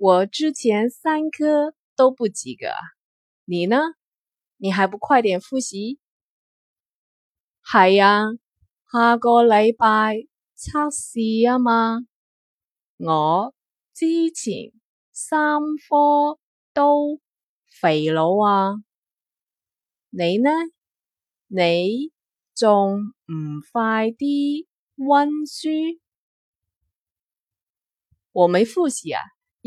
我之前三科都不及格，你呢？你還不快點復習？係啊，下個禮拜測試啊嘛。我之前三科都肥佬啊，你呢？你仲唔快啲溫書？我沒復習啊。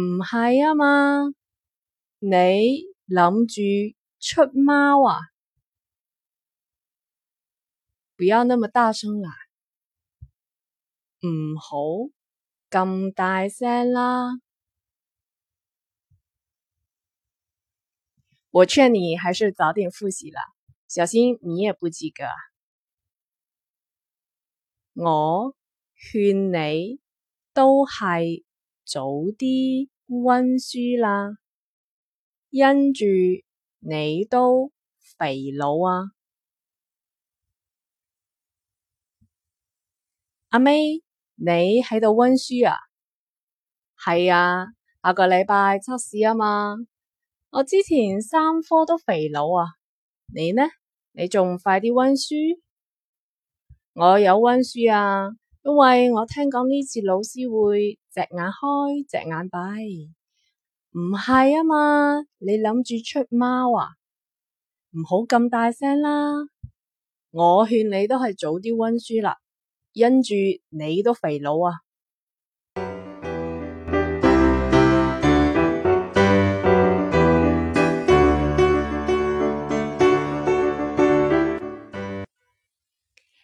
唔係啊嘛，你諗住出貓啊？不要那麼大聲啦，唔好咁大聲啦。我勸你還是早點復習啦，小心你也不及格。我勸你都係。早啲溫書啦，因住你都肥佬啊。阿 May，你喺度溫書啊？係啊，下個禮拜測試啊嘛。我之前三科都肥佬啊，你呢？你仲快啲溫書，我冇溫書啊。因為我聽講呢次老師會隻眼開隻眼閉，唔係啊嘛？你諗住出貓啊？唔好咁大聲啦！我勸你都係早啲温書啦，因住你都肥佬啊。